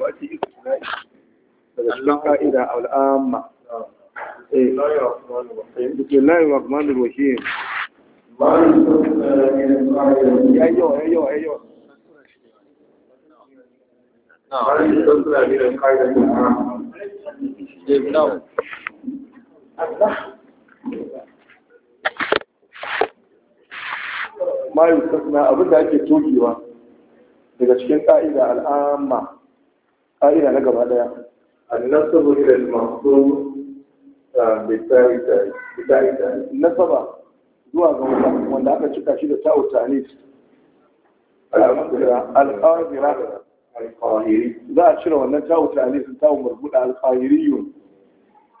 wajen isi daga cikin ka'ida da ake tokiwa daga cikin ka'ida al'amma eh. ƙa'ida na gaba ɗaya annasabu ila al-mahsub ah, nasaba zuwa ga wanda aka cika shi da ta'u ta'anis al-qadira za a cire wannan ta'u ta'anis ta'u marbuda al yun,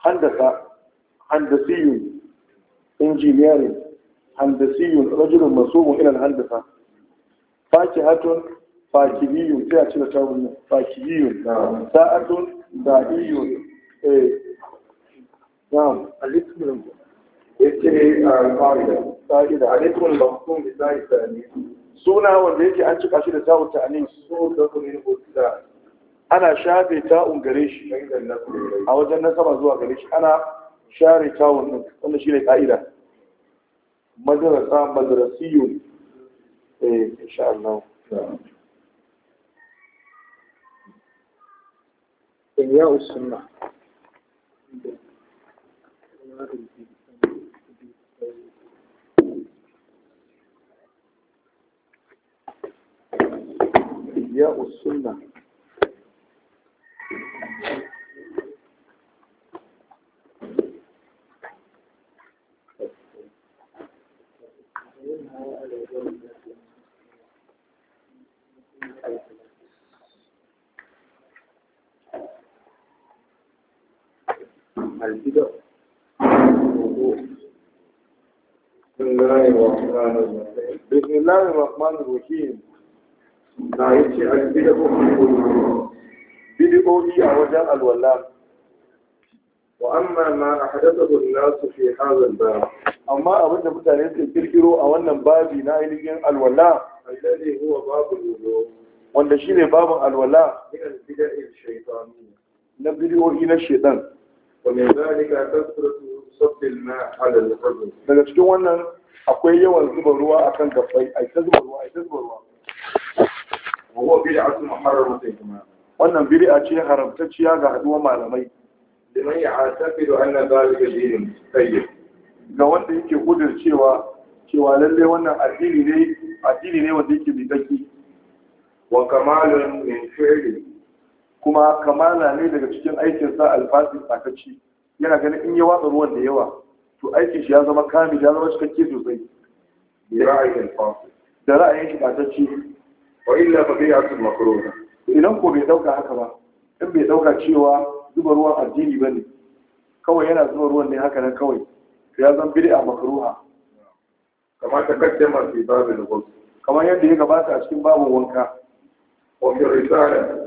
handasa handasi handasiyun engineering handasiyun rajulun masubun ila al-handasa fakihatun fakiliyun sai a cire ta wannan fakiliyun sa'adun da'iyun eh na'am alismun yace al-qa'ida sa'ida ah, alismun mafhum bi sa'ida suna wanda yake an cika shi da ta'un ta'anin so da kullin da ana shafe ta'un gare shi a wajen nasaba zuwa gare shi ana share ta'un din shi ne ka'ida madrasa madrasiyun eh insha Allah إحياء السنة إحياء السنة البدع بسم الله الرحمن الرحيم بسم الله الرحمن الرحيم na ya ce albida bidiyoyi a wajen alwala wa amma ma a hadasa nasu fi hazan ba amma abin mutane suka kirkiro a wannan babi na ainihin alwala alladhi huwa babu wudu wanda shine babin alwala min albida'i shaytan na bidiyoyi daga cikin wannan akwai yawan zuba ruwa a kan gabbai a ita zuba ruwa a ita zuba ruwa wa bid'a sun harama sai kuma wannan bid'a ce haramtacciya ga haduwar malamai liman ya'taqidu anna zalika dinun tayyib ga wanda yake gudun cewa cewa lalle wannan addini ne addini ne wanda yake bidaki wa kamalun min fi'li kuma kamala ne daga cikin aikinsa alfasi sakaci yana ganin in ya watsa ruwan da yawa to aikin shi ya zama kami ya zama cikakke sosai da ra'ayin shi ɓatacce wa illa ba zai asu makarona idan ko bai ɗauka haka ba in bai ɗauka cewa zuba ruwan addini ba ne kawai yana zuba ruwan ne haka nan kawai to ya zama bid'a makruha kamar ta ma fi babin wasu kamar yadda ya gabata a cikin babin wanka wa fi risala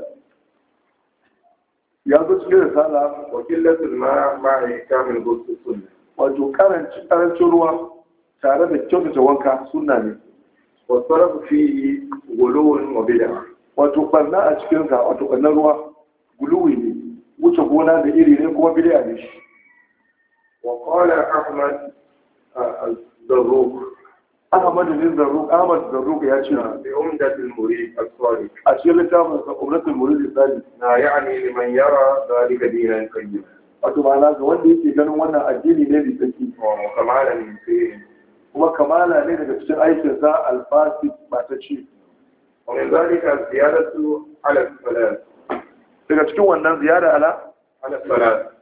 ya zo cikin risala wakilatul ma ma kamin gusto sunna wato karanci karancin ruwa tare da kyautata wanka sunna ne wa sarafu fi gulowin wabida wato ɓanna a cikin sa wato bannan ruwa guluwi ne wuce gona da iri ne kuma bidiya ne shi wa qala ahmad al-zarruq Ahmad bin Zarruq Ahmad ya ce bi umdatul murid as-salih a cikin littafin na wato ma'ana ga wanda yake ganin wannan addini ne kamala ne kuma kamala ne daga cikin aikin sa daga cikin wannan ziyara ala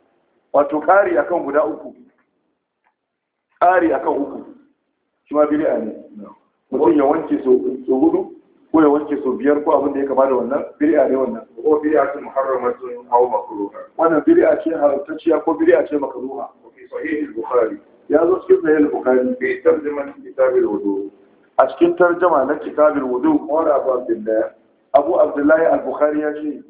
wato kari akan guda akan uku Kuma ma bid'a ne mutum ya wanke so hudu ko ya wanke so biyar ko abin da ya kamata da wannan bid'a ne wannan ko bid'a ce muharramatun aw makruha wannan bid'a ce haramtacciya ko bid'a ce makruha fi sahih al-bukhari ya zo cikin sahih al-bukhari bi tarjuman kitab al-wudu a cikin tarjuma na kitab al-wudu qala abu abdullah abu abdullah al-bukhari ya ce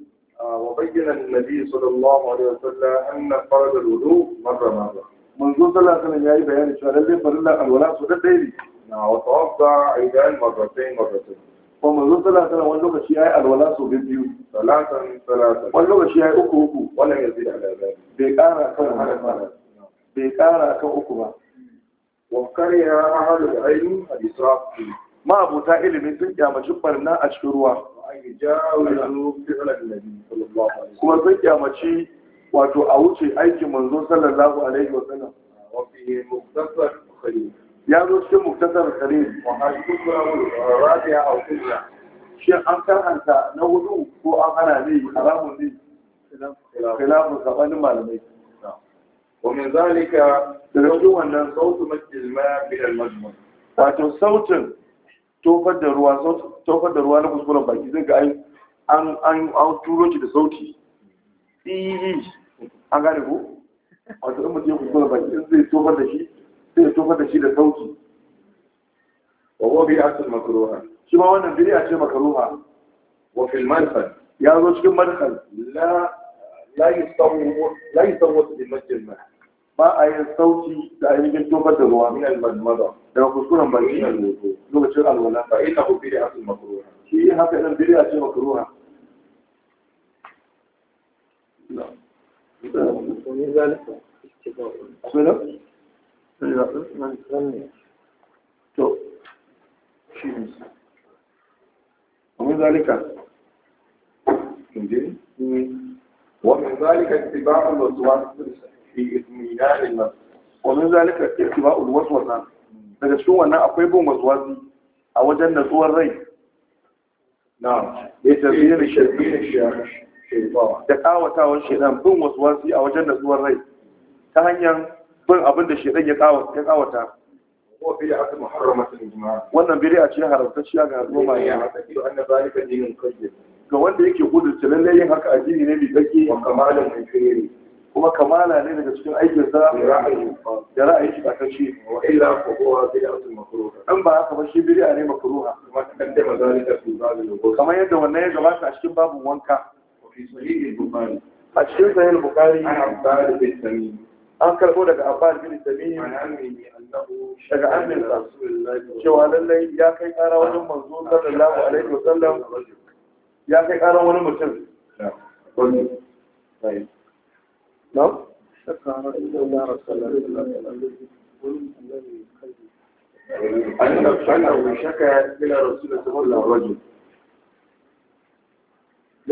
وبين النبي صلى الله عليه وسلم أن فرض الوضوء مرة مرة manzo sallallahu alaihi wasallam yayi bayani cewa lalle farilla alwala su da dai na wa tawaffa aidan marratayn marratayn ko manzo sallallahu alaihi wasallam wani lokaci yayi alwala su biyu salatan salatan wani lokaci yayi uku uku wannan ya yazi da bai kara kan hada bai kara kan uku ba wa kariya ahadul ilmi al-israf ma abuta ilimi sun kyamaci barna a cikin ruwa kuma sun kyamaci wato a wuce aikin manzo sallallahu alaihi wa sallam ya zo cikin muktasar kare rafiya a kunya shi an karanta na hudu ko an hana ne haramun ne khilafun sabanin malamai ومن ذلك تلقوا أن صوت مجد الماء من المجمع wato sautin tofar da ruwa na kuskuren baki zai ga an turo shi da sauti iyi e, an gane ko wato in mutum ya kuskura baki in zai tofar da shi sai tofar da shi da sauki wa huwa bid'atun makruha shi ma wannan bid'a ce makruha wa fil madkhal ya zo cikin madkhal la la yusawu la yusawu bil masjid ma ba a yin sauki da a ainihin tofar da ruwa min al-madmada daga kuskuren baki lokacin alwala fa ina ku hu bid'atun makruha shi haka ɗan bid'a ce makruha No. ومن ذلك اتباع الظن ومن ذلك اتباع الوسواس daga cikin wannan akwai bin waswasi a wajen natsuwar rai na ya tafiye da shirkin shi da ƙawatawan shedan bin wasu wasu a wajen natsuwar rai ta hanyar bin abin da shedan ya ƙawata wannan bid'a ce haramtacciya ga al'umma ya ga wanda yake gudunta tilalle yin haka addini ne bidaki kamalan mai kuma kamala ne daga cikin aikin sa da ra'ayi shi aka ce wa illa fa huwa bid'atun makruha dan ba haka ba shi bid'a ne makruha kamar yadda wannan ya gabata a cikin babu wanka a cikin sahih bukari an karɓo daga abbas bin tamim daga amin cewa lallai ya kai kara wajen manzo sallallahu alaihi wasallam ya kai kara wani mutum na? shakara ya rasu lalata shakara shakara ila rasu da saman larajo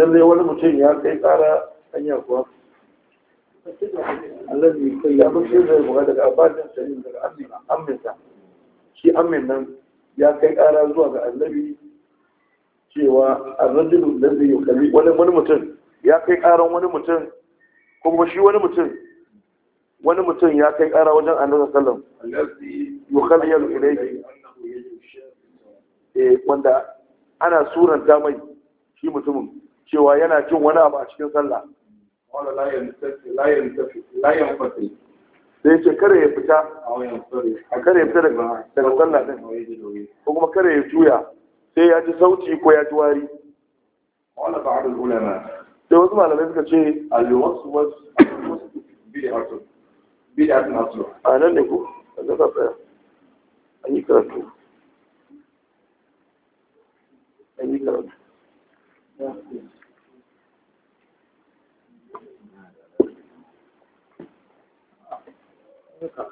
lallai wani mutum ya kai kara hanya kuwa allazi kai ya mutu zai buga daga abadin sanin daga amminsa shi ammin nan ya kai kara zuwa ga annabi cewa arrajulu allazi yukalli wani wani mutum ya kai karan wani mutum kuma shi wani mutum wani mutum ya kai kara wajen annabi sallallahu alaihi wasallam ilayhi eh wanda ana suranta mai shi mutumin cewa yana jin wani abu a cikin sallah sai ce kare ya fita a kare ya fita daga sallah din ko kuma kare ya juya sai ya ji sauti ko ya ji wari sai wasu malamai suka ce alwasu a nan ne ko da ka tsaya an yi karatu an yi karatu haka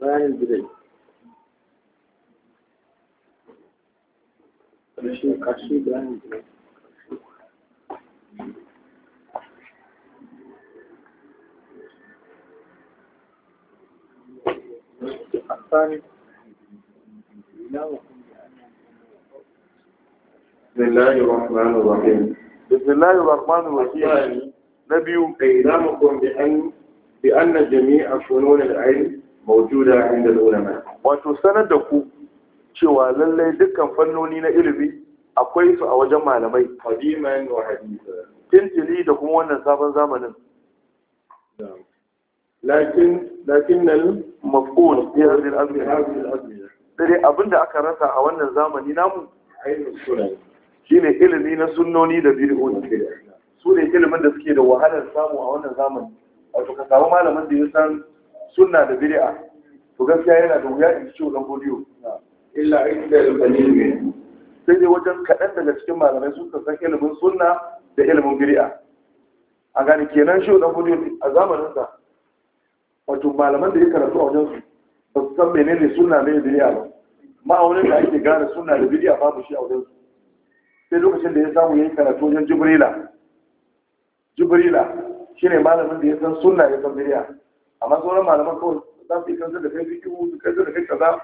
bayan gidai ƙarshe ƙarshe bayan gidai بسم الله الرحمن bismillahir rahmanir rahim na biyu ilamukum bi an bi anna jami'a funun al-ilm mawjuda inda ulama wato sanar da ku cewa lallai dukkan fannoni na ilimi akwai su a wajen malamai qadiman wa hadithan tintili da kuma wannan sabon zamanin lakin lakin al mafqul fi hadhihi al abinda aka rasa a wannan zamani namu shine ilimi na sunnoni da bid'o'i su ne ilimin da suke da wahalar samu a wannan zamani wato ka samu malamin da ya san sunna da bid'a to gaskiya yana da wuya in ciwo dan godiyo illa inda al-qalil sai dai wajen kaɗan daga cikin malamai su san ilimin sunna da ilimin bid'a a gani kenan shi dan godiyo a zamanin sa wato malaman da ya karatu a wajen su ba su san menene sunna ne da bid'a ba ma'aunin da ake gane sunna da bid'a babu shi a wajen su sai lokacin da ya samu ya yi karatu wajen jibrila jibrila shi ne malamin da ya san suna ya san biriya amma sauran malaman kawai za su yi kansu da kai fi kiwu su kai da kai kaza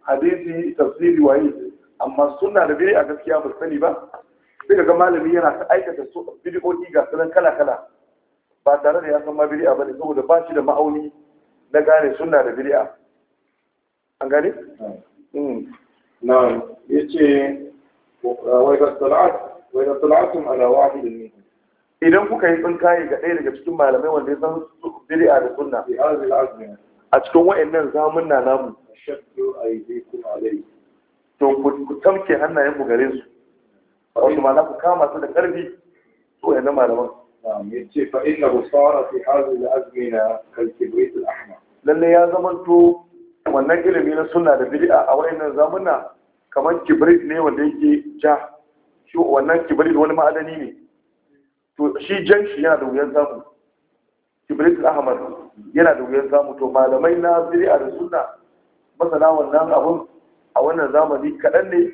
hadisi tafsiri waye amma suna da biriya gaskiya ba sani ba sai ga malami yana ta aikata su bidiyoyi ga sunan kala kala ba tare da ya san ma biriya ba ne saboda ba shi da ma'auni na gane suna da biriya an gane? na hmm. ya ce وإذا اطلعت وإذا اطلعتم على واحد منهم idan kuka yi tsinkaye ga ɗaya daga cikin malamai wanda ya san a da sunna a cikin wa'annan zamun na namu to ku tamke hannayen ku gare su wasu ma ku kama su da ƙarfi su wa'annan malaman yace fa inna busara fi hadhihi al-azmina kal kibrit al-ahmar lalle ya zamanto wannan ilimi na sunna da bid'a a wa'annan zamuna kamar kibrit ne wanda yake ja shi wannan kibrit wani ma'adani ne to shi jan shi yana da wuyan zamu kibrit ahmad yana da wuyan zamu to malamai na bid'a da sunna masana wannan abun a wannan zamani kaɗan ne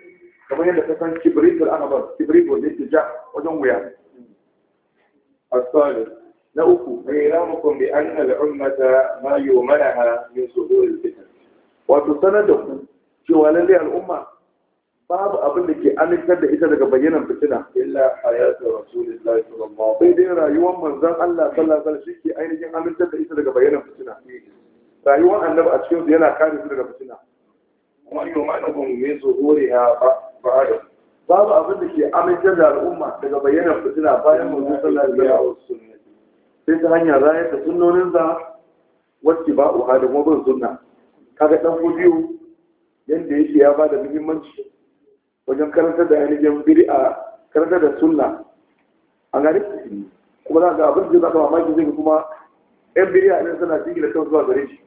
kamar yadda ka san kibrit ahmad kibrit wanda yake ja wajen wuya asali na uku iramukum bi an al-ummata ma yumanaha min sudur al-fitan wato sanar da ku cewa lallai al'umma babu abin da ke amintar da ita daga bayyanan fitina illa hayatu rasulillahi sallallahu alaihi wasallam sai dai rayuwar manzon Allah sallallahu alaihi wasallam shi ke ainihin amintar da ita daga bayyanan fitina rayuwar annabi a cikin yana kare su daga fitina kuma yau ma wa yumanuhum min zuhuriha ba'da babu abin da ke amintar da al'umma daga bayyanan fitina bayan manzon sallallahu alaihi wasallam sai ta hanyar rayar da sunnonin za wacce ba'u hadin wabin sunna kaga dan biyu yanda yake ya bada muhimmanci wajen karanta da ainihin a karanta da sunna A gani kuma za ga abin da za ka maki zai kuma yan biriya ne suna da kan zuwa gare shi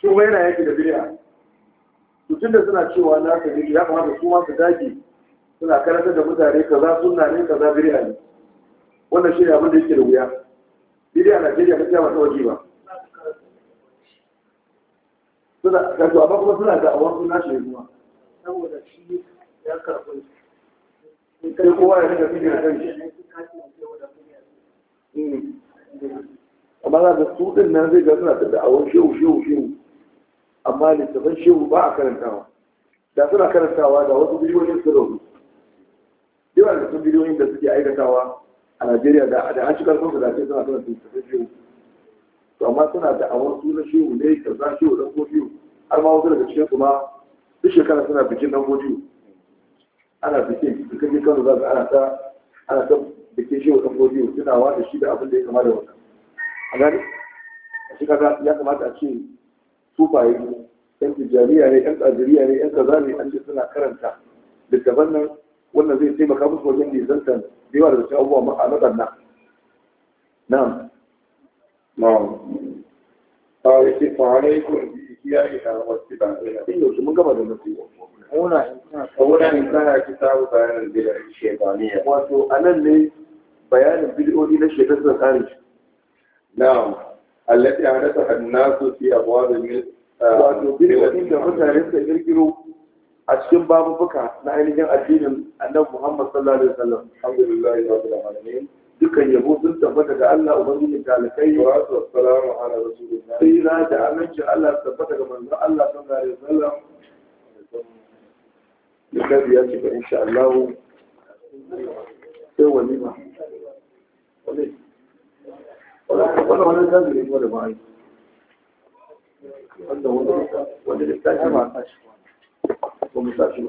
su kuma yana yanki da bid'a tutun da suna cewa na ka ne ya kamata su ma su dage suna karanta da mutane kaza sunna ne kaza biriya ne wannan shi ne abin da yake da wuya a Najeriya ta kiyama ta waje ba suna ga amma kuma suna da awon suna shi kuma saboda shi ya kai kowa ya rika fiye kan shi amma za ga su din nan zai ga suna da da'awar shehu shehu shehu amma littafin shehu ba a karantawa da suna karantawa da wasu biliyoyin su rauni yawan da sun biliyoyin da suke aikatawa a najeriya da an shigar kansu da ce suna karanta littafin shehu to amma suna da'awar su sunan shehu ne kaza shehu dan ko shehu har ma wasu daga cikin su ma duk shekara suna bikin dan ko ana bikin da kake kano za ana ta ana ta bikin shi wa ɗan godiyo tunawa da shi da abin da ya kama da wannan a gani a shi kaga ya kamata a ce sufaye yan tijjaniya ne yan tsajiriya ne yan kaza ne an ce suna karanta littafan nan wannan zai taimaka musu wajen nisantar da yawa da cikin abubuwa a waɗannan na'am na'am ta yake biyu ya yi ta wasu ba ɗaya in yau mun gaba da nasiwa kuna kuna in kana kitabu bayanin bid'a shaytaniya wato anan ne bayanin bid'o'i na shaytan sun kare shi na'am allati hadatha an-nasu fi abwabil ah, wato bid'o'i da mutane suka girgiro a cikin babubuka na ainihin addinin annabi Muhammad sallallahu alaihi wasallam alhamdulillah dukkan yabo sun tabbata ga Allah ubangiji da alkai wa salatu wassalamu ala rasulillah sai da aminci Allah tabbata ga manzo Allah sallallahu alaihi wasallam لكاد يجب إن شاء الله سوى لما وليه ولا هذا ذلك ولا ما أيضا أنه وليه ومساشي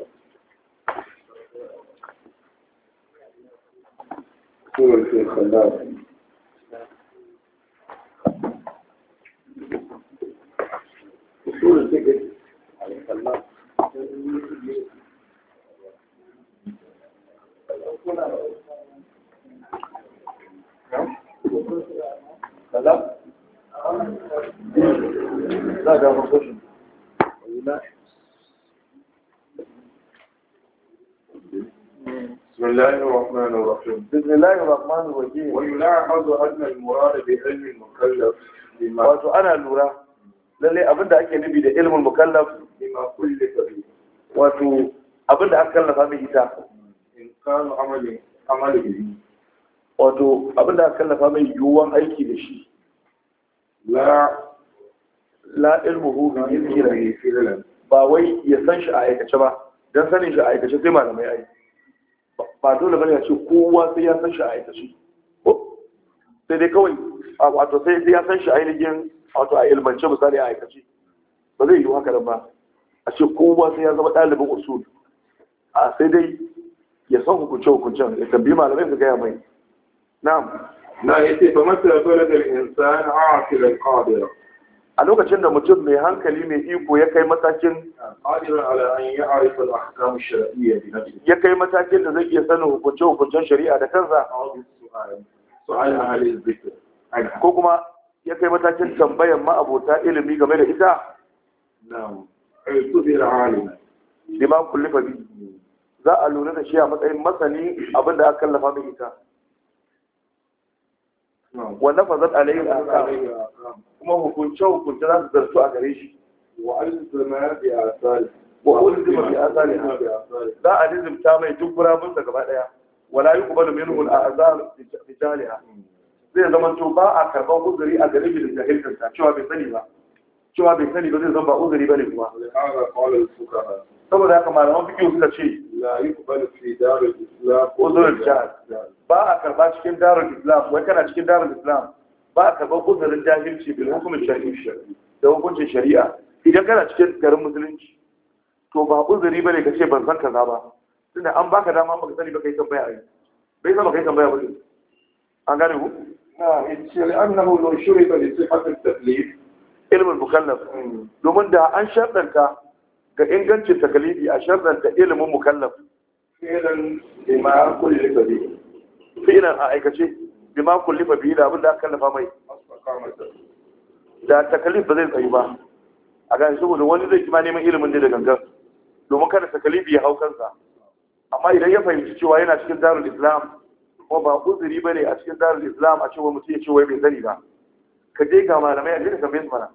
كل شيء خلاص Thank you. بسم الله الرحمن الرحيم بسم الله الرحمن الرحيم ويلاحظ أن المراد بعلم المكلف بما واتو أنا لورا للي أبدا أكي نبي ده علم المكلف بما كل به واتو أبدا أكلف أمي إتاكم kanu amalin amalin wato abin da kallafa mai yiwuwan aiki da shi la la ilmuhu da ilmi filan ba wai ya san shi a aikace ba don sanin shi a aikace sai malamai ai ba dole bane ya ce kowa sai ya san shi a aikace sai dai kawai wato sai ya san shi ainihin wato a ilmance misali a aikace ba zai yi haka nan ba a ce kowa sai ya zama ɗalibin usul a sai dai ya san hukunce hukuncen ya tambayi malamai su gaya mai na'am na yace fa masala da insan aqil al qadir a lokacin da mutum mai hankali mai iko ya kai matakin ya kai matakin da zai iya sanin hukunce-hukuncen shari'a da kansa ko kuma ya kai matakin tambayan ma'abota ilimi game da ita lima kullifa biyu za a lura da shi a matsayin masani abin da aka kallafa mai ita wannan fazat alayhi al kuma hukunce hukunce za su zartu a gare shi wa alzama bi asali wa alzama bi asali za a lizimta mai duk gurabun da gaba daya wala yuqbalu minhu al-a'zar bi jaliha zai zama to ba a karban uzuri a gare shi da jahilta cewa bai sani ba cewa bai sani ba zai zan ba uzuri bane kuma saboda haka malaman fikiyo suka ce la yuqbalu ba a karba cikin darul islam wai kana cikin darul islam ba a karba uzurin jahilci bil hukumin shari'a da hukuncin shari'a idan kana cikin garin musulunci to ba uzuri bane ka ce ban san kaza ba tunda an baka dama baka sani ba kai tambaya ai bai san ba kai tambaya ba an gane ku na in ce annahu law shuriba li sihhatil taklif ilimin mukallaf domin da an sharɗanta ga ingancin takalidi a sharɗanta ilimin mukallaf fi'ilan a aikace bima kullifa bihi da abin da aka kallafa mai da takalif ba zai tsayi ba a gani saboda wani zai kima neman ilimin ne da gangan domin kada takalifi ya hau kansa amma idan ya fahimci cewa yana cikin darul islam kuma ba uzuri bane a cikin darul islam a cewa mutum ya ce wai bai sani ba ka je ga malamai a jirgin mai mana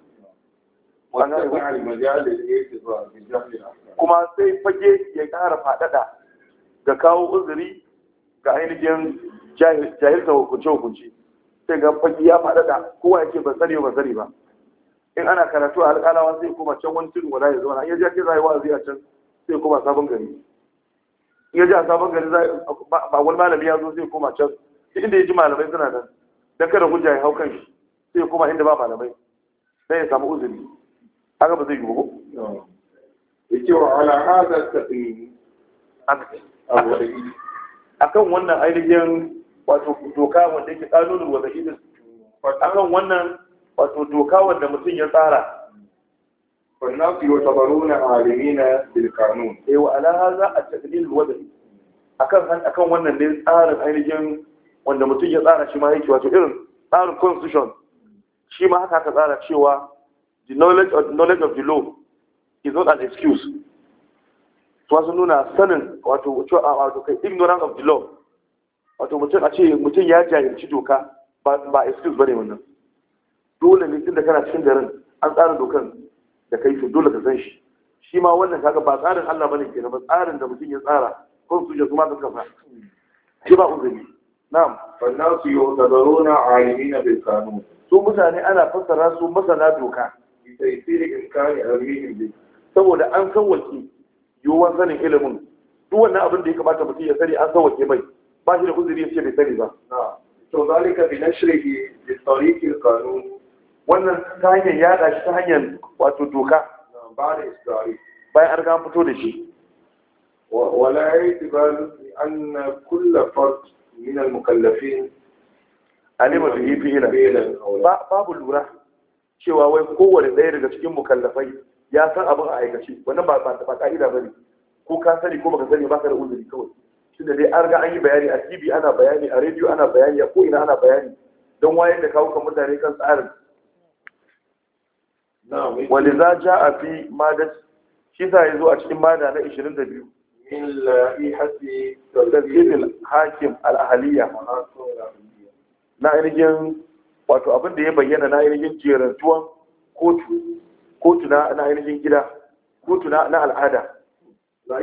kuma sai fage ya ƙara faɗaɗa ga kawo uzuri ga ainihin jahilta hukunce-hukunce sai ga fage ya faɗaɗa kowa yake ba sani ba sani ba in ana karatu a alƙalawa sai kuma can wani tudu wala ya zauna in ya ji ake zai wa'azi a can sai kuma sabon gari in ya ji a sabon gari ba wani malami ya zo sai kuma can inda ya ji malamai suna nan don kada hujja ya hau kan shi sai kuma inda ba malamai sai ya samu uzuri haka ba zai yi ko yake wa ala hada taqim akan wannan ainihin wato doka wanda yake kanunul wada'i akan wannan wato doka wanda mutum ya tsara na والناس يعتبرون عالمين بالقانون اي وعلى هذا التقليل الوضعي akan akan wannan ne tsarin ainihin wanda mutum ya tsara shi ma yake wato irin tsarin constitution shi ma haka ka tsara cewa the knowledge of, knowledge of the law is not an excuse to wasu nuna sanin wato wato kai ignorance of the law wato mutum a ce mutum ya jahilci doka ba excuse ne wannan dole ne tun da kana cikin garin an tsara dokan da kai su dole ka san shi shi ma wannan kaga ba tsarin Allah bane kenan ba tsarin da mutum ya tsara kun su je kuma da kafa shi ba uzuri na'am fannasu yuhtadaruna alimina bil qanun su mutane ana fassara su masana doka بتيسير إمكان علمهم به saboda an sawwake yiwuwar sanin ilimin duk wannan abin da ya kamata mutum ya sani an sawwake mai ba shi da kuzuri ya ce bai sani ba to zalika bi nashrihi bi tariqi al-qanun wannan ta hanyar yada shi ta hanyar wato doka ba da bayan an ga fito da shi Wala ya yi ولا يعتبر kulla كل فرد من المكلفين yi fi فعلا babu lura. cewa wai kowane ɗaya daga cikin mukallafai ya san abin a aikace wannan ba ba ka'ida ba ne ko ka sani ko baka sani ba ka da uzuri kawai tunda dai an riga an yi bayani a tv ana bayani a rediyo ana bayani a ko'ina ana bayani don wayar da kawo kan mutane kan tsarin wani za ja a fi mada shi ya zo a cikin mada na 22 illa ihasi da hakim al-ahaliya na ainihin wato abin da ya bayyana na ainihin jerantuwan kotu kotu na ainihin gida kotu na al'ada la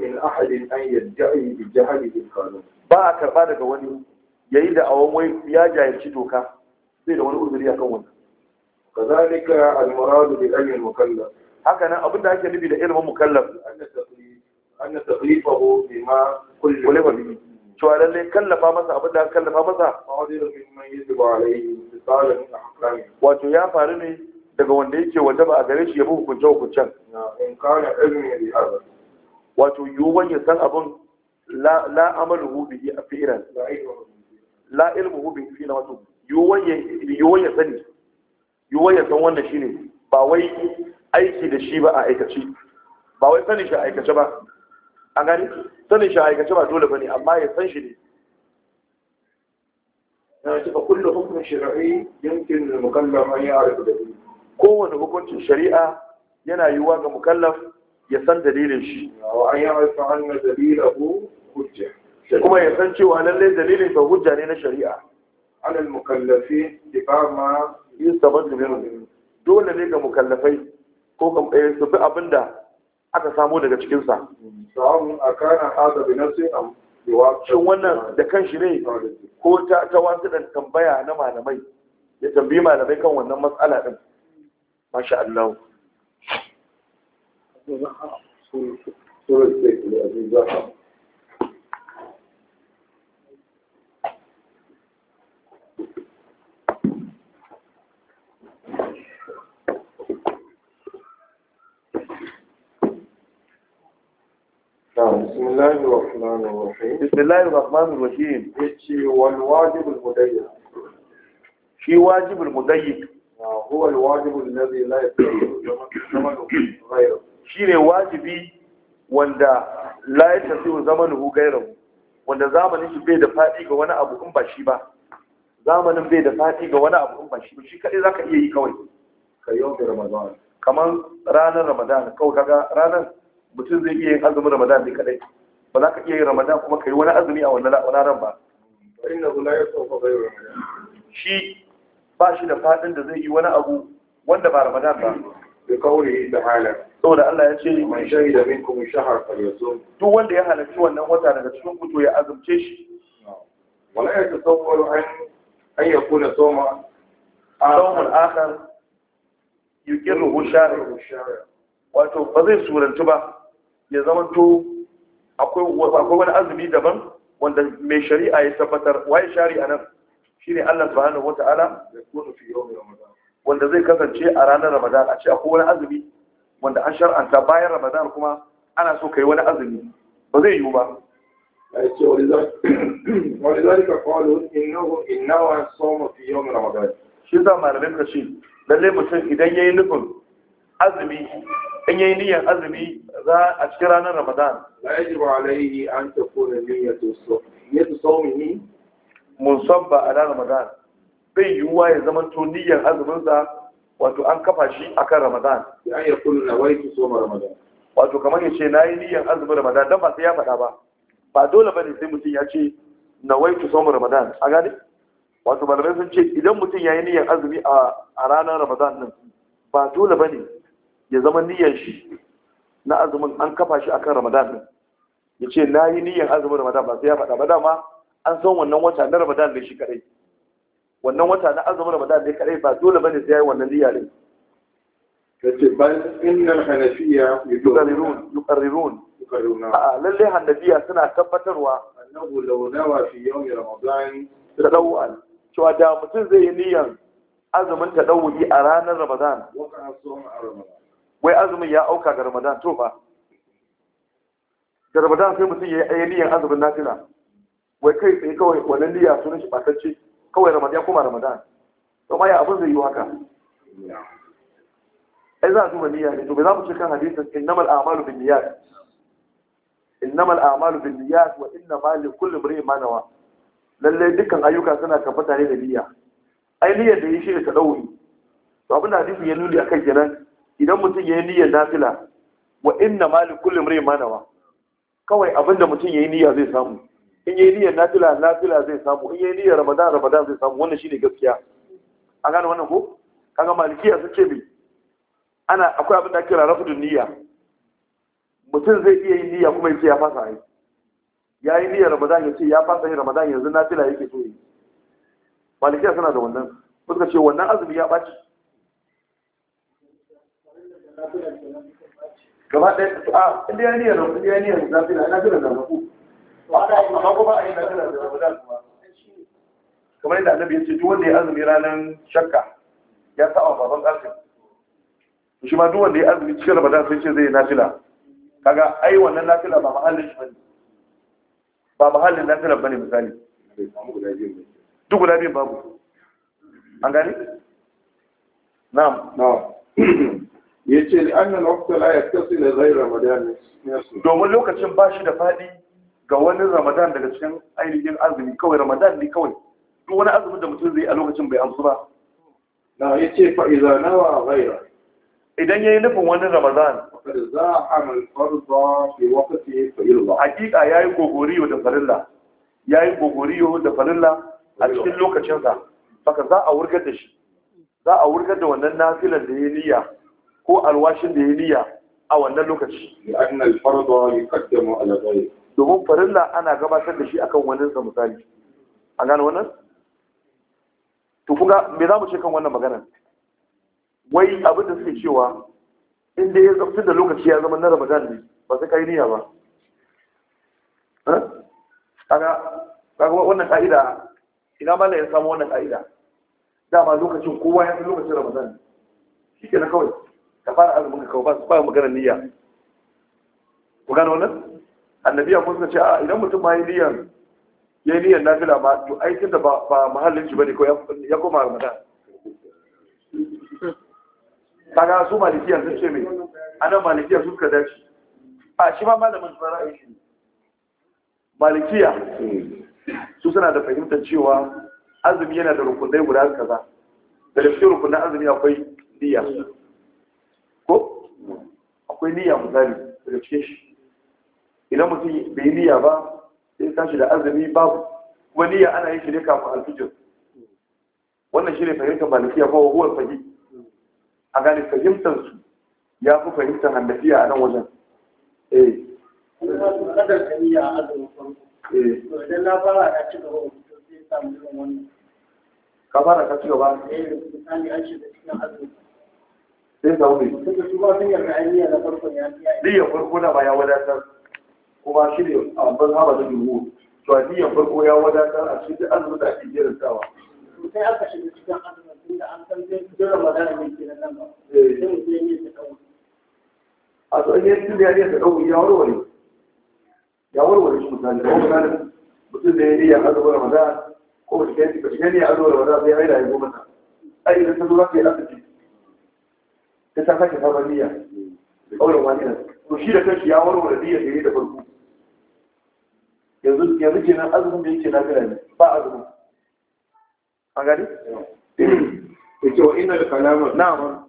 min ahadin an bi qanun ba a karba daga wani yayi da awon wai ya jayyaci doka sai da wani uzuri akan wannan kazalika al muradu bi ilmi mukallaf haka nan abin da ake nufi da ilmin mukallaf anna taqlid anna taqlifahu bima kullu bihi cewa lallai kallafa masa abin da aka kallafa masa wato ya faru ne daga wanda yake wanda ba a gare shi ya bi hukunce hukuncen wato yiwuwan ya san abin la amaluhu bihi a fi'iran la ilmuhu bihi fi'lan wato yiwuwan ya sani yiwuwan ya san wannan shine ba wai aiki da shi ba a aikace ba wai sani shi a aikace ba an gani sanin shi aikace ba dole ne amma ya san shi ne kowane hukuncin shari'a yana yiwuwa ga mukallaf ya san dalilin shi kuma ya san cewa lallai dalilin ba hujja ne na shari'a alal mukallafi dole ne ga mukallafai ko kan eh, su bi abinda aka samo daga cikinsa sa'amun a kana hada bi nafsi am shin wannan da kanshi ne ko ta ta wasu dan tambaya na malamai ya tambayi malamai kan wannan matsala din masha Allah Thank you. بسم الله الرحمن الرحيم بسم الله الرحمن الرحيم والواجب المضيق في واجب المضيق هو الواجب الذي لا زمنه غيره لا زمنه غيره wanda zamanin shi bai da fadi ga wani abu in ba shi ba zamanin bai da fadi ga wani abu in ba shi ba shi kadai zaka iya yi kawai kamar ranar ramadan kawai kaga mutum zai iya yin azumin ramadan ne kadai ba za ka iya yin ramadan kuma ka yi wani azumi a wannan ran ba shi ba shi da fadin da zai yi wani abu wanda ba ramadan ba bi qawlihi ta'ala saboda Allah ya ce man shahida minkum shahr falyasum duk wanda ya halarci wannan wata daga cikin kuto ya azumce shi wala ya tasawwaru an an yakuna sawma akhar yuqirruhu shar'u wato ba zai surantu ba ya zama to akwai wani azumi daban wanda mai shari'a ya tabbatar waye shari'a nan shine Allah subhanahu wata'ala ya kunu fi yawmi ramadan wanda zai kasance a ranar ramadan a ce akwai wani azumi wanda an shar'anta bayan ramadan kuma ana so kai wani azumi ba zai yiwu ba Wani ولذلك قالوا إنه إنه الصوم في يوم رمضان شو ذا ما لم lalle mutum idan إذا nufin, azumi. in yayi niyyar azumi za a cikin ranar Ramadan la yajibu alayhi an takuna niyyatu sawmi ni musabba ala Ramadan bai yiwuwa ya zama to niyyar azumin sa wato an kafa shi akan Ramadan ya ya kullu nawaitu sawma Ramadan wato kamar ya ce nayi niyyar azumin Ramadan dan ba sai ya faɗa ba ba dole bane sai mutum ya ce nawaitu sawma Ramadan a gane wato malamai sun ce idan mutum yayi niyyar azumi a ranar Ramadan din ba dole bane ya zama niyyar shi na azumin an kafa shi akan ramadan ya ce na yi niyyar azumin ramadan ba sai ya faɗa ba dama an san wannan wata na ramadan ne shi kadai wannan wata na azumin ramadan ne kadai ba dole bane sai ya yi wannan niyyar ne kace bal innal hanafiya yuqarrirun yuqarrirun a lalle hanafiya suna tabbatarwa annahu law nawa fi yawm ramadan tadawwal cewa da mutum zai yi niyyar azumin taɗauki a ranar ramadan a ramadan wai azumin ya auka ga ramadan to ba da ramadan sai mutum ya yi niyyar azumin nafila wai kai tsaye kawai wannan niyya sunan shi batacce kawai ramadan kuma ramadan to ma ya abin zai yi haka ai za a duba niyya ne to bai za mu ce kan hadisin innamal a'malu bin niyyat innamal a'malu bin niyyat wa ma li kulli imrin ma nawa lalle dukkan ayyuka suna tabbata ne da niyya ai niyyar da yi shi ne ta dauri to abin da hadisi ya nuni akai kenan idan mutum ya yi niyyar nafila wa inna mali kullum rai manawa kawai abinda mutum ya yi niyya zai samu in ya yi niyyar nafila nafila zai samu in ya yi niyyar ramadan ramadan zai samu wannan shine gaskiya A gane wannan ko kaga malikiya sun ce bi ana akwai abin da kira rafudun niyya mutum zai iya yin niyya kuma yace ya fasa yi ya yi niyyar ramadan ya ce ya fasa yi ramadan yanzu nafila yake so yi malikiya suna da wannan suka ce wannan azumi ya ɓaci gaba ɗaya su a ah, inda ya niyyar rabu ya niyyar nafila ina jiran da rabu amma kuma a yi nafila da rabu da kuma kamar yadda annabi ya ce duk wanda ya azumi ranar shakka ya sa'a a baban ƙarfin shi ma duk ya azumi cikin ramadan sai ce zai yi nafila kaga ai wannan nafila ba mahallin shi bane ba mahallin nafila bane misali duk guda biyun babu an gani na'am na'am ya ce annan wakta la ya kasi da zai ramadan domin lokacin ba shi da faɗi ga wani ramadan daga cikin ainihin azumi kawai ramadan ne kawai duk wani azumi da mutum zai a lokacin bai amsu ba na ya ce fa'iza nawa zaira idan ya yi nufin wani ramadan za a amal farza fi wakati fa'ilwa hakika ya yi gogoriyo da farilla ya yi gogoriyo da farilla a cikin lokacinsa baka za a wurgar da shi za a wurgar da wannan nafilan da ya niyya ko alwashin da ya niyya a wannan lokaci domin farilla ana gabatar da shi akan wani sa misali a gano wannan to kuma me za mu ce kan wannan maganar wai abin da suke cewa in dai ya zafi da lokaci ya zama na ramadan ne ba sai kai niyya ba kaga kaga wannan ka'ida ina ma ya samu wannan ka'ida dama lokacin kowa ya san lokacin ramadan shi ke na kawai ka fara azumin ka ba ba magana niyya ku gano wannan annabi ya musu ce a idan mutum ma yi niyyan ya yi niyyan nafila ma to ai da ba ba mahallin shi bane ko ya koma ramadan kaga su malikiya sun ce me anan malikiya sun suka dace a shi ma malamin su ra'ayi shi malikiya su suna da fahimtar cewa azumi yana da rukunai guda kaza da da rukunan azumi akwai niyya akwai niyya misali daga cikin shi idan mutum bai yi niyya ba sai tashi da azumi babu kuma niyya ana yin shi ne kafin alfijir wannan shi ne fahimtar malafiya ko huwar fahi a gani fahimtar su ya fi fahimtar hannafiya a nan wajen eh na fara da gaba ka fara ka ci gaba eh misali an shiga cikin azumi sai samu ne niyyar farko na ba ya wadatar kuma shi ne a ban haɓa da duhu to a niyyar farko ya wadatar a cikin azumi da ake jerin sawa sai aka shiga cikin azumin da an san zai jira magana mai ke nan ba sai mutum ya yi ta a tsohon yin tun da ya yi ta ɗauki ya warware ya warware shi misali ko misalin mutum da ya yi ya azumin ramadan ko mutum ya yi ta shiga ne ya azumin ramadan sai ya yi da ya goma ta ai idan ta zo za ka yi asibiti sai ta sake sabon niyya da ƙauyen wani to shi da kanshi ya warware niyyar da ya da farko yanzu yanzu kenan azumin da yake lafiya ne ba azumin an gani wa ina da kalama na'am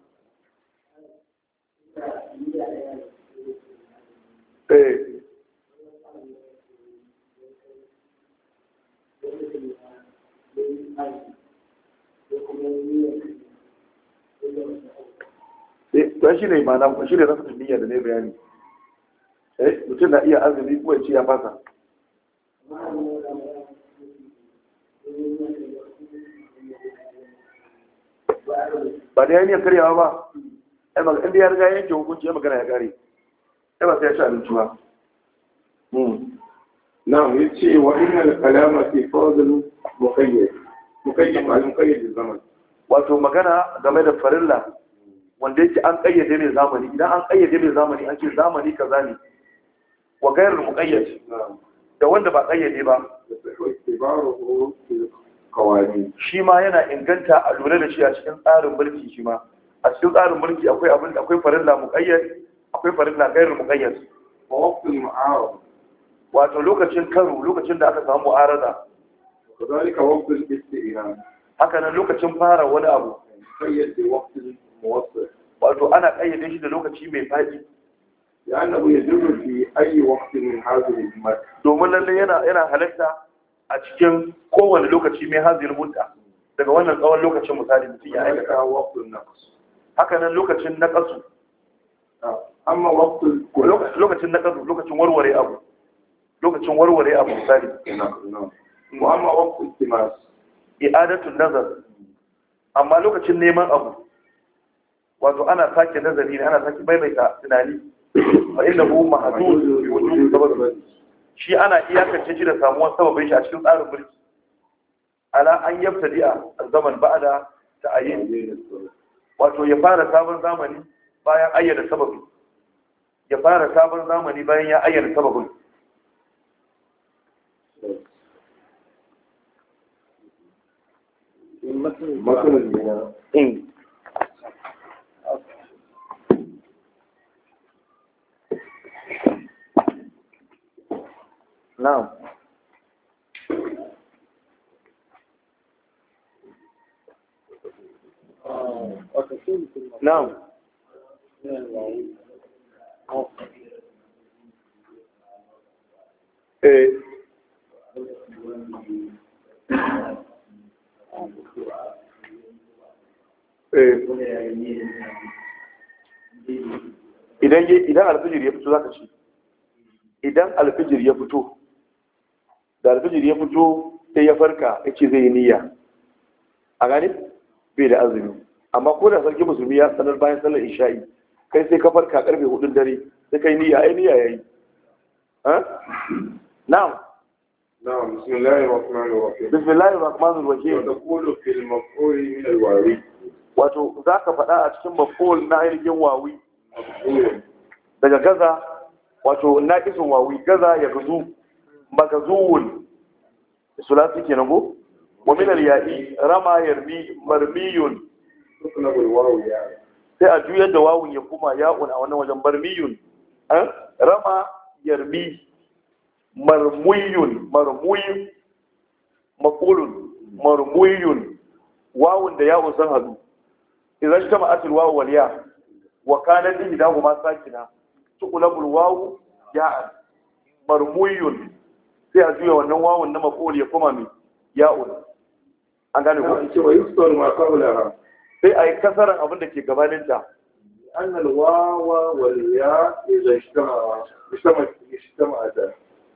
Thank eh. you. Eh, to shi ne ma'ana kuma shi ne na rasa niyya da ne bayani eh mutum na iya azumi ko ya ce ya fasa ba da yaniyar karyawa ba ai maka inda ya riga yanke hukunci ya magana ya kare ai ba sai ya ci abinci ba hmm. na ya ce wa ina innal kalama fi fadl muqayyad muqayyad al muqayyad zaman wato magana game da farilla wanda yake an kayyade mai zamani idan an kayyade mai zamani ake zamani kaza ne wa gairul muqayyad da wanda ba kayyade ba shi ma yana inganta a lura da shi a cikin tsarin mulki shi ma a cikin tsarin mulki akwai abin akwai farilla muqayyad akwai farilla gairul muqayyad wato lokacin karo lokacin da aka samu arada haka nan lokacin fara wani abu wato ana ƙayyade shi da lokaci mai faɗi لأنه يدل في أي وقت من هذه المدة دومن لله yana yana halatta a cikin kowane lokaci mai hazir mutta daga wannan tsawon lokacin misali mutum ya aikata waqtul naqs haka nan lokacin naqasu ah, amma waqtul lokacin naqasu lokacin warware abu lokacin warware abu misali amma waqtul timas nazar amma lokacin neman abu wato ana sake nazari ne ana sake baibaita tunani a inda mu mahadu bi wujud shi ana iyakance shi da samuwar sababin shi a cikin tsarin mulki ala an yabtadi'a zaman ba'da ta'ayyin wato ya fara sabon zamani bayan ayyana sababi ya fara sabon zamani bayan ya ayyana sababin مثل ne na'am نعم eh. eh. idan alfijir ya fito idan alfijir ya fito da alfijir ya fito sai ya farka ya ce zai yi niyya a gani bai da azumi amma ko da sarki musulmi ya sanar bayan sallar isha'i kai sai ka farka karfe hudun dare sai kai niyya ai niyya yayi na'am na'am bismillahir rahmanir rahim bismillahir rahmanir rahim da kullu fil maf'uli min al-wawi wato zaka faɗa a cikin maf'ul na ainihin wawi daga gaza wato "Na naqisun wawi gaza ya gazu magazuwun sulasi ke nago waminar ya'i rama yarmi marmiyun sai a juyar da wawun ya kuma ya'un a wannan wajen marmiyun rama yarmi marmuyun marmuyun makulun marmuyun wawun da ya'un sun hadu idan shi ta ma'atul wawu wal ya wa kanan ihdahu ma sakina tuqlabul wawu ya'an marmuyun sai a juya wannan wawon na maf'ul ya koma mai ya'un an gane ko ce wa sai a yi abin da ke gabanin ta an wawa wal ya idza ta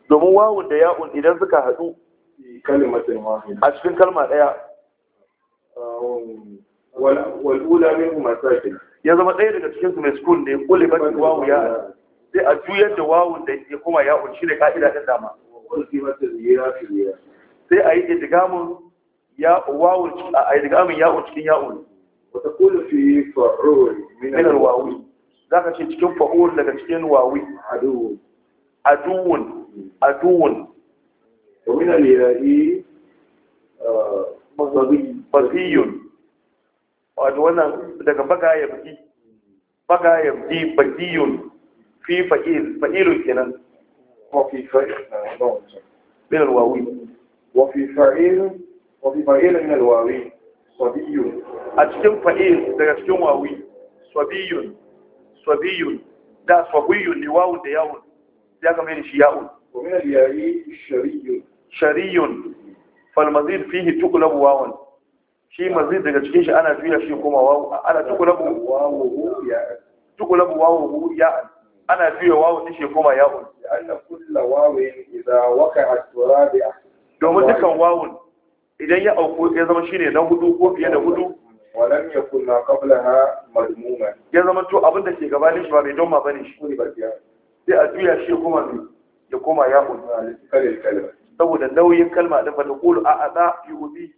domin wawun da ya'un idan suka hadu a cikin kalma daya um, wal'ula ula kuma sake ya zama ɗaya daga cikin su mai school ne ulibat wawu ya sai a juyar da wawun da ya kuma ya'un shi ne ka'ida ɗin dama sai a yi idgamun ya a ya'u cikin ya'u wata kullu fi far'ul min ce cikin fa'uwar daga cikin wawi aduwun aduwun aduwun ومن الياء بغي wato wannan daga baga ya baki baga fi fa'ilun kenan وفي فعل من الواوي وفي فعل وفي فعل من الواوي صبي أتكلم فعيل تكلم واوي صبي صبي ده صبي لواو ده ياون ده كمان شيء ياون ومن الياء شري شري فالمزيد فيه تقلب واو شيء مزيد daga انا فيها شيء juya واو انا تقلب واو هو يا تقلب واو هو يا ana juya wawu din shi kuma ya un anna kullu wawin idza waqa'a turabi domin dukkan wawun idan ya auku ya zama shine na hudu ko fiye da hudu walam yakun ma qablaha madmuma ya zama to abinda ke gaba gabanin shi ba mai domma bane shi sai a juya shi kuma mai ya koma ya un saboda nauyin kalma da fa taqulu a ada yubi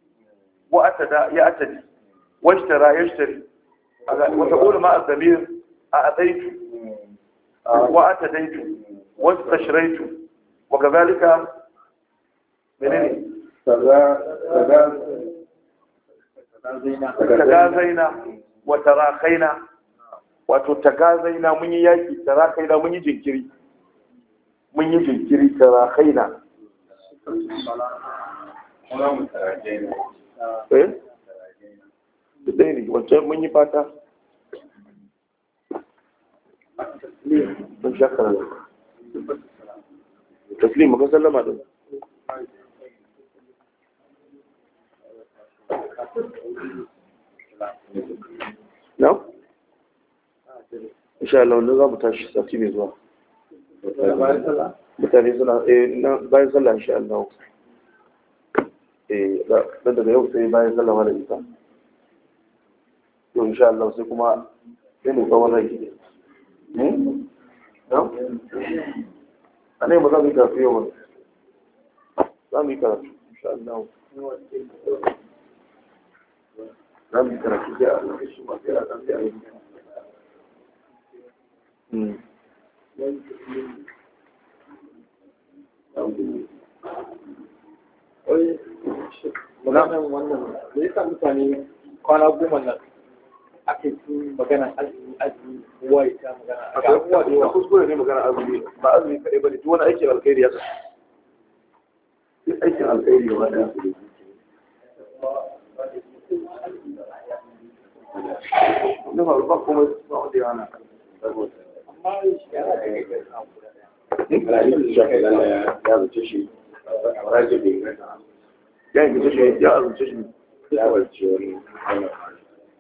wa atada ya atadi washtara yashtari wa taqulu ma az-zamir a ataitu وأتديت واستشريت وكذلك منين tagazaina wa tarakaina wato tagazaina mun yi yaki tarakaina mun yi jinkiri mun yi jinkiri tarakaina mun sha karatu taslim maka sallama din na insha Allah wanda za mu tashi sati mai zuwa mutane suna eh, bayan sallah insha Allah eh dan daga yau sai bayan sallah da ita to insha Allah sai kuma sai mu tsawon rai a hmm? ne ba za mu yi karatu yau ba za mu yi karatu insha Allah za mu yi karatu sai a lokaci masu yara kan sai a yi hmm. wannan me yasa mutane kwana goma nan aka yi magana azumi azumi kowa ya ta magana da kuskure ne magana azumi ba azumi kaɗai ba ne duk wani aikin alkhairi ya kasance duk aikin alkhairi ya wani azumi ne ba ba kuma ba wanda ya amma shi ya zace shi ya zace shi ya zace shi ya zace shi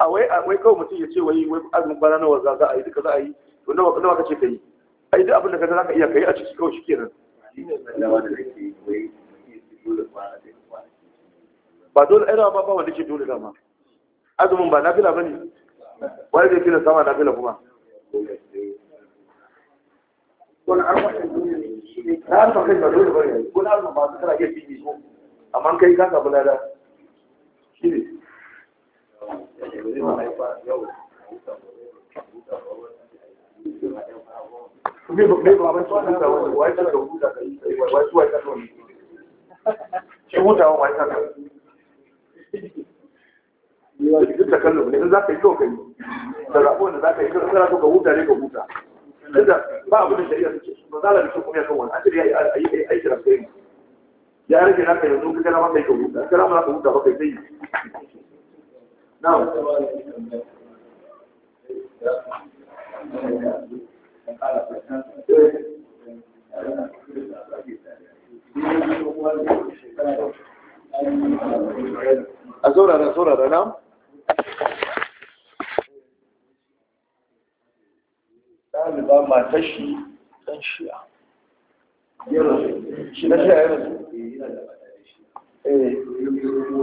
a wai a wai kawai mutum ya ce wai wai azumin kwana nawa za za a yi duka za a yi to nawa nawa kace yi ai duk abin da za zaka iya kai a ciki kawai shikenan ba dole ai ba ba wanda ke dole dama azumin ba nafila bane wani zai fila sama nafila kuma wani armashin duniya ne na kai ba dole bane wani ba su kana iya fi amma kai ka samu lada shi ne shi wani ka ka yi so ka huta ne ka huta ba da ba a lafi kuma ya wani a aiki rage na ka yanzu ka kana maka yi ka huta kana huta ba kai sai نعم أزورنا أزورنا نعم ɗaliba matar shi ɗan shi'a shi na shi'a yana su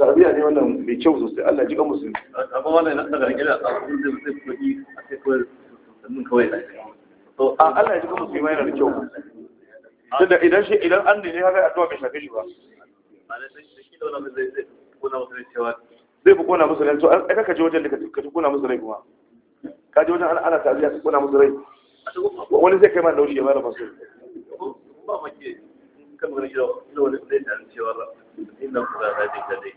tarbiya ne wannan mai kyau sosai Allah ji ga musulmi amma wannan na daga gida a kun zai sai kuɗi a sai kuɗi sannan kawai da to a Allah ya ji ga musulmi yana da kyau tunda idan shi idan an ne haka addu'a bai shafe shi ba zai fi kona musu rai to an ka je wajen da ka kona musu rai kuma ka je wajen ana ana tarbiya ka kona musu rai wani zai kai ma laushi ya mara masu ba maki kan wani gida wani zai tarin cewa inda kuma za ta dai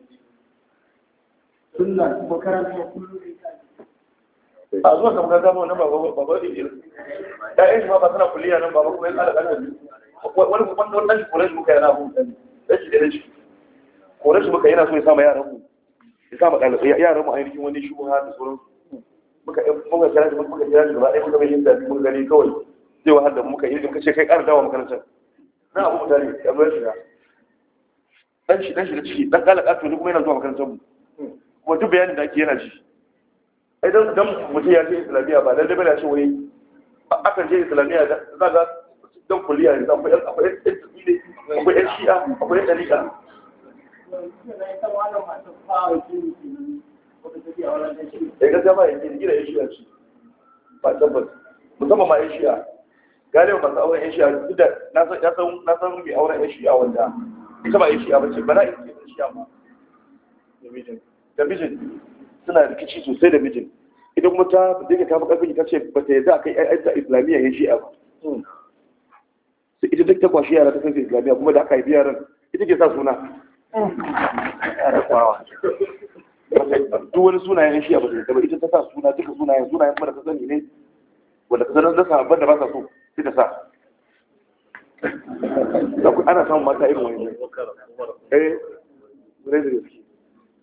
sunna kuma karanta kullum a zuwa kamar gama wani baba baba irin shi ma ba suna kuliya nan baba kuma yin ala kan wani kuma wani ɗan kore shi muka yana abu ɗan shi ɗan shi kore shi muka yana so ya sama yaran mu ya sama ɗalibai yaran mu ainihin wani shi muka da sauran muka muka kira shi muka kira shi gaba ɗaya muka bai yin zafi muka gani kawai zai wahal da muka yi muka ce kai ƙara dawa makarantar na abu mutane ya zo ya ɗan shi ɗan shi da ciki ɗan ƙalaƙa to kuma yana zuwa makarantar mu kuma duk bayanin da ake yana ji idan dan mutum ya je islamiyya ba lalle bane ce wai akan je islamiyya za ga dan kulliya ne akwai akwai tsibiri akwai yan shi'a akwai yan dalika eh gaskiya ba yanzu gida yan shi'a ce ba tabbas musamman ma yan shi'a galiba masu auren yan shi'a duk da na san na mai auren yan shi'a wanda ita ba yan shi'a ba ce ba na iya yan shi'a ba da mijin suna rikici sosai da mijin Idan kuma ta daga ta karfin ta ce ba ta yadda akai ayyanta islamiyya ya shi'a ba sai ita duk ta kwashi yara ta kai islamiyya kuma da aka haifi yaran ita ke sa suna duk wani sunayen shi'a ba ta yadda ba ita ta sa suna duka sunayen sunayen kuma da ta sani ne wanda ka sanar da ban da ba sa so sai ta sa ana samun mata irin wani eh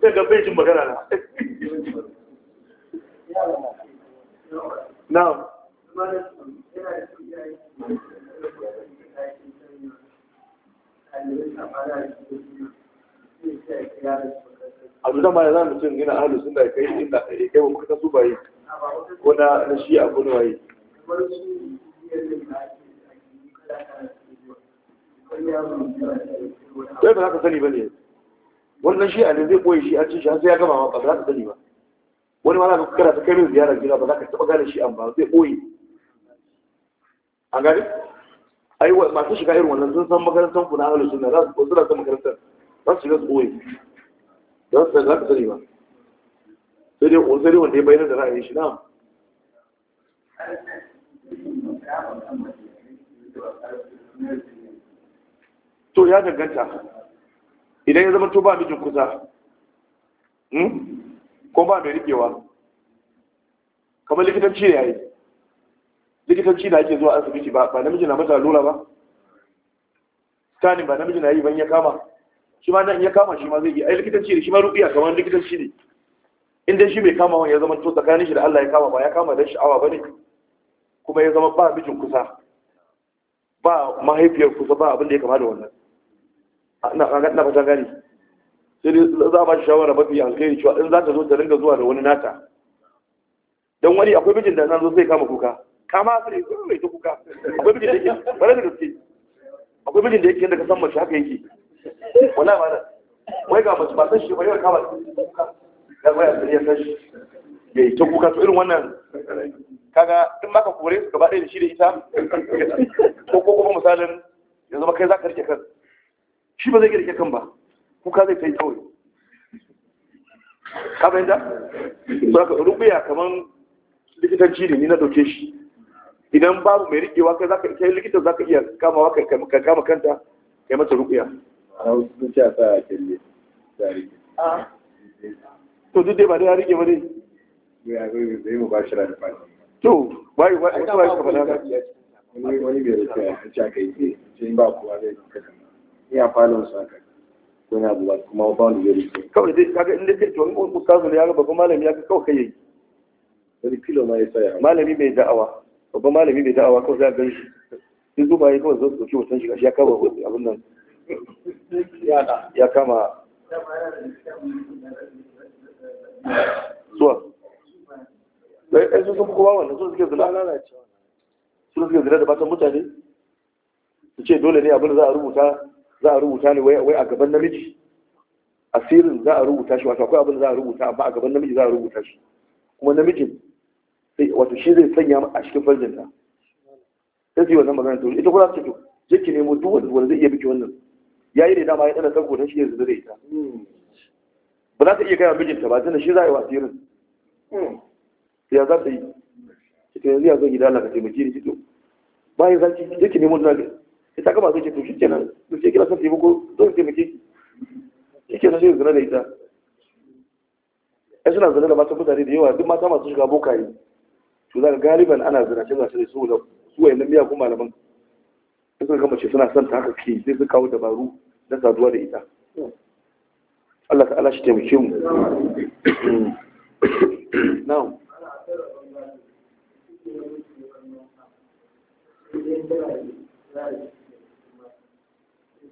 sai ga bai jin magana na na'am a duk zama ya za mutum yana a sun da kai inda kai kai ba su bayi ko na shi a gudu waye sai ba za sani ba ne wannan shi ne zai koyi shi an cin shi har sai ya gama ba za ka sani ba wani mana ka kara ta kai min ziyara gida ba za ka taɓa gane shi an ba zai koyi a gani ai masu shiga irin wannan sun san makarantar ku na ahlus sunna za su ko suna san makarantar za su shiga su koyi za su za ka sani ba sai dai sai dai wanda ya bayyana da ra'ayin shi na to ya danganta idan ya zama to ba mijin kusa hmm? ko ba mai rikewa kamar likitanci ne yayi likitanci da ake zuwa asibiti ba ba namiji na mata lura ba scanning ba namiji na yi ban ya kama shi ma nan ya kama shi ma zai yi ai likitanci ne shi ma rubiya kamar likitanci ne in dai shi mai kama wani ya zama to tsakanin shi da Allah ya kama ba ya kama da sha'awa ba ne? kuma ya zama ba mijin kusa ba mahaifiyar kusa ba abin da ya kama da wannan na fata gani sai dai za a ba shi shawara mafi alkhairi cewa in za ta zo ta ringa zuwa da wani nata don wani akwai mijin da na zo sai kama kuka kama sai kuma mai ta kuka akwai mijin da yake bare da gaske akwai mijin da yake yadda ka san mace haka yake wala ma nan wai ga mace ba san shi ba yau kama kuka ya waya sai ya san shi mai ta kuka to irin wannan kaga in maka kore su gaba ɗaya da shi da ita ko kuma misalin yanzu ba kai za ka rike kanka shi ba zai girke kan ba kuka zai kai kawai kamar yadda ba ka rubiya kamar likitanci ne na dauke shi idan babu mai rikewa kai zaka kai likitan zaka iya kamawa kai ka kama kanta kai mata rubiya to duk dai ba dai ya rike ba dai to bai bai bai ka wani bai rike ta cikin kai sai ba kuwa zai kasance ya falon su haka ko na abu kuma ba wani zai rike kawai dai kaga inda kai to in ustazu ne ya ga babban malami ya ga kawai kai yayi wani kilo ma ya tsaya malami mai da'awa babban malami mai da'awa kawai za gan shi duk zuba ya kawai zai dauki hoton shi gashi ya kama abin nan ya kama Suwa. zuwa ɗai sun sun kowa wannan Su suke zula sun suke zula da batan mutane su ce dole ne abin da za a rubuta za a rubuta ne wai a gaban namiji asirin za a rubuta shi wato akwai abin da za a rubuta amma a gaban namiji za a rubuta shi kuma namijin wato shi zai sanya a cikin farjin ta sai su wannan magana to ita kuma za ta ce ki nemo duk wanda zai iya biki wannan ya yi ne dama ya ɗana sarko don shi ya zuba da ita ba za ta iya gaya mijinta ba tunda shi za a yi wa asirin hmm. ya za ta yi ita yanzu ya zo gida Allah ka taimake ni fito bayan zaki yake nemo da ita kama gaba zai ce to shi kenan duk sai kira son taimako zai taimake ki shi kenan sai zina da ita ai suna zina da mata mutane da yawa duk mata masu shiga bokaye to zaka ka galiban ana zina ce zace su da su wayan miya ko malaman sai suka ce suna son ta haka ke sai su kawo dabaru na saduwa da ita Allah ta'ala shi taimake mu now Thank you.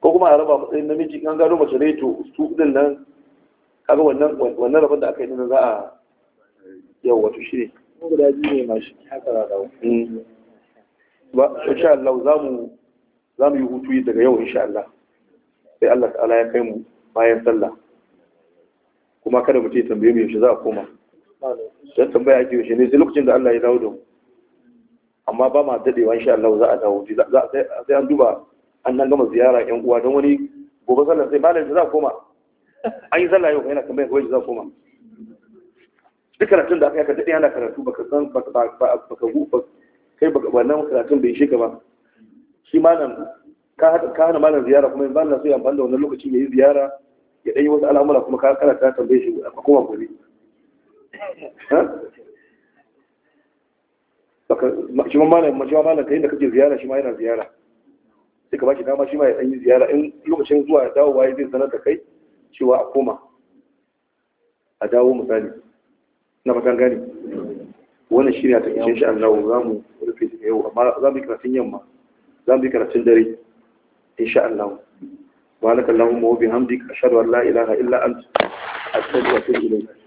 ko kuma a raba matsayin namiji an gano mace ne to su din nan kaga wannan wannan rabon da aka yi nan za a yau wato shi ne guda biyu ne mashi haka za ba mm. ba insha Allah za mu za mu yi hutu daga yau insha Allah sai Allah ta'ala ya kai mu bayan sallah kuma kada mu ya tambaye mu yaushe za a koma dan tambaya ake yaushe ne sai lokacin da Allah ya dawo da mu amma ba ma dadewa insha Allah za a dawo sai an duba an nan gama ziyara yan uwa don wani gobe sallar sai malam da za koma an yi sallah yau yana tambayar kawai za koma duk karatun da aka yi ka daɗe ana karatu baka san baka ba kai baka wannan karatun bai shiga ba shi malam ka hana malam ziyara kuma yin malam sai amfani da wannan lokaci ya yi ziyara ya ɗanyi wasu al'amura kuma ka karanta tambaye shi a kuma gobe shi ma malam ka yi da kake ziyara shi ma yana ziyara sai ka baki dama shi ma ya ɗan yi ziyara in lokacin zuwa ya dawo waye zai sanar da kai cewa a koma a dawo misali na fatan gani wannan shi ne a shi Allah za mu rufe da yau amma za mu yi karatun yamma za mu yi karatun dare insha Allah wa lakallahumma wa bihamdika ashhadu an la ilaha illa anta astaghfiruka wa atubu ilayk